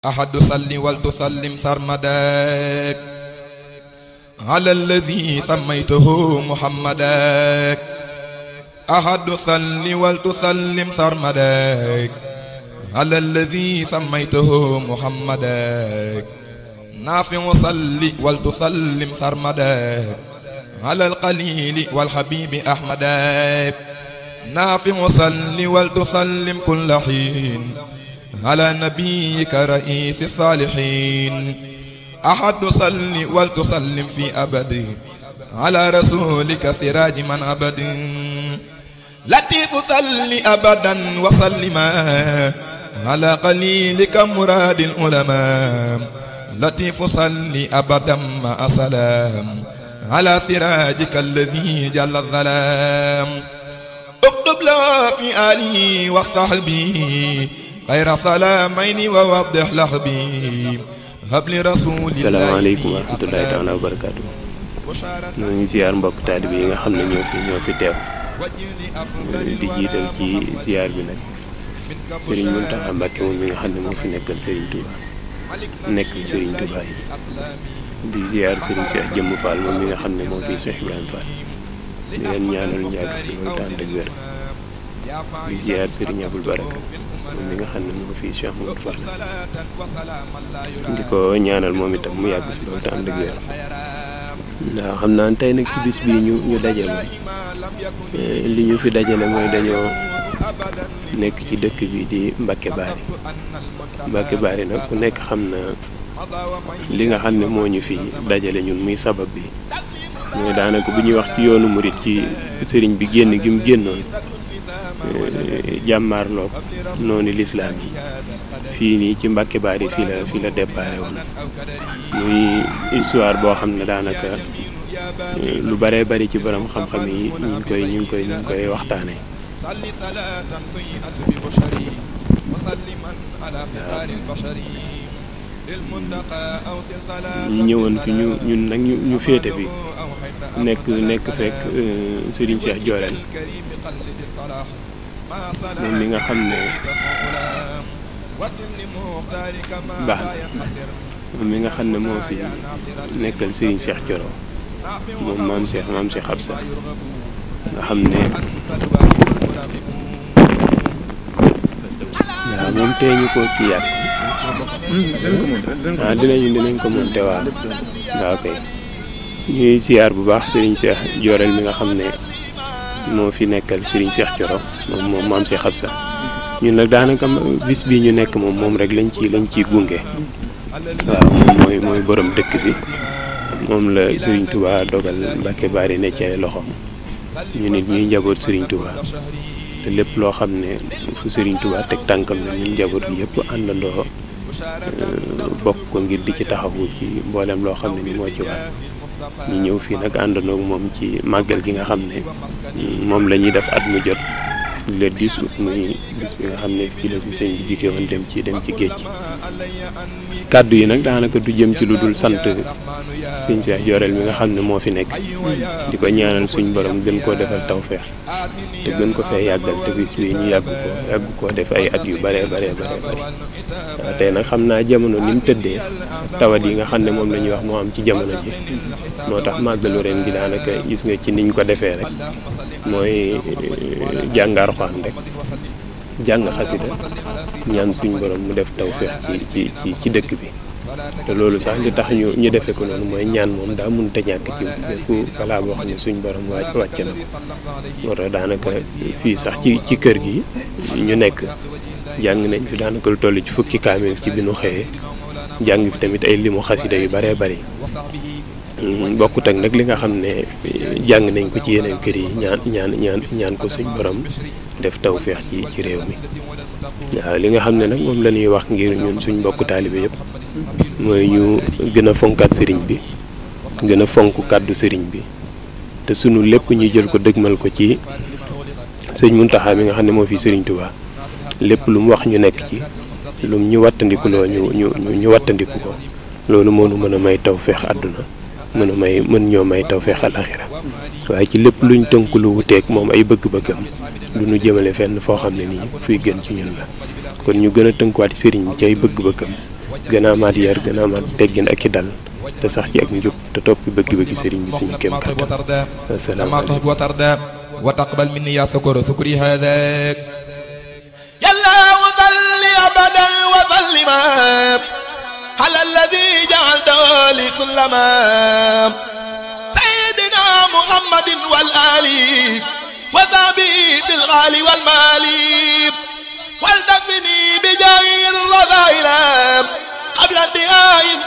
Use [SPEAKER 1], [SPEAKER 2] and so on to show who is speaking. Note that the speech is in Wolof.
[SPEAKER 1] ahadu salli wal tusallim sarmadak ala alladi sammaytahu muhammadak ahadu salli wal tusallim sarmadak ala alladi sammaytahu muhammadak naafiu salli wal tusallim sarmadak ala alqalili wal habibi ahmadak naafiu salli wal tusallim kulla hiin على نبيك رئيس الصالحين أحد تصلي ولتسلم في أبد على رسولك سراج من أبد لطيف صلي أبدا وسلما على قليلك مراد العلماء لطيف صلي أبدا مع سلام على سراجك الذي جل الظلام اكتب له في آله وصحبه xayra salaamay wa waddih lahbi habli rasulillahi salaamaaleykum
[SPEAKER 2] wa rahmatullahi taala wa barakaatu ñoo ngi ziyaar mbokk taalibe yi nga xam ne ñoo fi ñoo fi teew di jiital ci ziyaar bi nag sëriñ Muntaxa Mbàkke moom mi nga xam ne moo fi nekkal sëriñ Touba nekk sëriñ Touba yi di ziyaar sëriñ Cheikh Jëmm Fall moom mi nga xam ne moo fi Cheikh Ibrahima Fall di leen ñaanal ñaar fi loolu tànn ak wér di ziyaar sëriñ Abul Baraka moom mi nga xam ne mu ngi fii Cheikh Mouhamed Fall di ko ñaanal moom itam mu yàgg fi loolu te ànd ak xam naa tey nag ci bis bii ñu ñu daje moom eh, li ñu fi daje nag mooy dañoo nekk ci dëkk bi di Mbacke Bari Mbacke Bari nag ku nekk xam na li nga xam ne moo ñu fi dajale ñun muy sabab bi mooy daanaka bu ñuy wax ci yoonu murit ci sëriñ bi génn gi mu génnoon Eh, jàmmaarloog noonu lislaam yi fii nii ci Mbàkke Baari fii la la déparé woon muy histoire boo xam ne daanaka eh, lu bare bari ci borom xam-xam yi ñu ngi koy ñu koy waxtaane ñu ñëwoon fi ñu ñun nag ñu ñu féete fi nekk nekk fekk eh, Serigne Cheikh Jooreel moom mi nga xam ne baax moom mi nga xam ne moo fi nekkal Serigne seex Thioro moom maam Cheikh maam Cheikh Absa nga xam ne waaw moom tey ñu ko ci yàq waaw ah, dinañu dinañ ko monté waaw waaw kay ñuy siyaar bu baax Serigne Cheikh Jorel mi nga xam ne moo fi nekkal Serigne Cheikh Thioro moom moom maam Cheikh Absa ñun nag daanaka bis bii ñu nekk moom moom rek lañ ci lañ ciy gunge waaw moom mooy boroom borom dëkk bi moom la Serigne Touba dogal Mbacke Bari ne ci loxoom ñu nit ñuy njaboot Serigne Touba te lépp loo xam ne fu Serigne Touba teg tànkam na ñun njaboot bi yëpp àndandoo euh, bokk ko ngir di ci taxawu ci mboolem loo xam ne ni moo ci war ñu ñëw fii nag àndandoo moom ci màggal gi nga xam ne moom la ñuy def at mu jot le 10 août muy bis bi nga xam ne fii la fi sëñ bi jugee woon dem ci dem ci géej kàddu yi nag daanaka du jëm ci lu dul sant sëñ Cheikh Jorel mi nga xam ne moo fi nekk di ko ñaanal suñ borom gën koo defal tawfeex te gën ko fee yàggal te bis bii ñu yàgg ko yàgg koo def ay at yu bare bare bare bare nag xam naa jamono ni mu tëddee tawat yi nga xam ne moom la ñuy wax moo am ci jamono ji moo tax màggalu ren gi daanaka gis nga ci niñ ko defee rek mooy eh, jàngar alxuraan rek jàng xasida ñaan suñ borom mu def taw ci ci ci dëkk bi te loolu sax li tax ñu ñu defee ko noonu mooy ñaan moom daa mënut a ñàkk ci bépp balaa boo xam ne suñ borom wàcc wàcc na moo tax daanaka fii sax ci ci kër gi ñu nekk jàng nañ fi daanaka lu toll ci fukki kaamil ci bi nu xëyee jàng fi tamit ay limu xasida yu baree bari bokkut ak nag li nga xam ne jàng nañ ko ci yeneen kër yi ñaan ñaan ñaan ñaan ko suñ borom def tawféex ci ci réew mi waaw li nga xam ne nag moom la wax ngir ñun suñ mbokku taalibe yëpp mooy ñu gën a fonkaat sëriñ bi gën a fonk kàddu sëriñ bi te sunu lépp ñu jël ko dëgmal ko ci sëñ Muntaxa mi nga xam ne moo fi sëriñ Tuubaa lépp lu mu wax ñu nekk ci lu mu ñu wattandiku loo ñu ñu ñu wattandiku ko loolu moo nu mën a may tawféex àdduna mën a mën ñoo may tawféex alaxira waaye ci lépp luñ tënk lu wuteeg moom ay bëgg-bëggam du ñu jëmale fenn foo xam ne nii fuy gën ci ñun la kon ñu gën a tënkuwaat sëriñ bi ci ay bëgg-bëggam gën a amaat yar gën a ak ci dal te sax ci ak njub te topp bëgg-bëgg sëriñ bi suñu kéem kattan asalaamaaleykum
[SPEAKER 1] wa salli abadan wa sallima على الذي جعلته لسلما سيدنا محمد والآل وذابي بالغال والمال والتكمني بجاهر الرذائل قبل انتهاء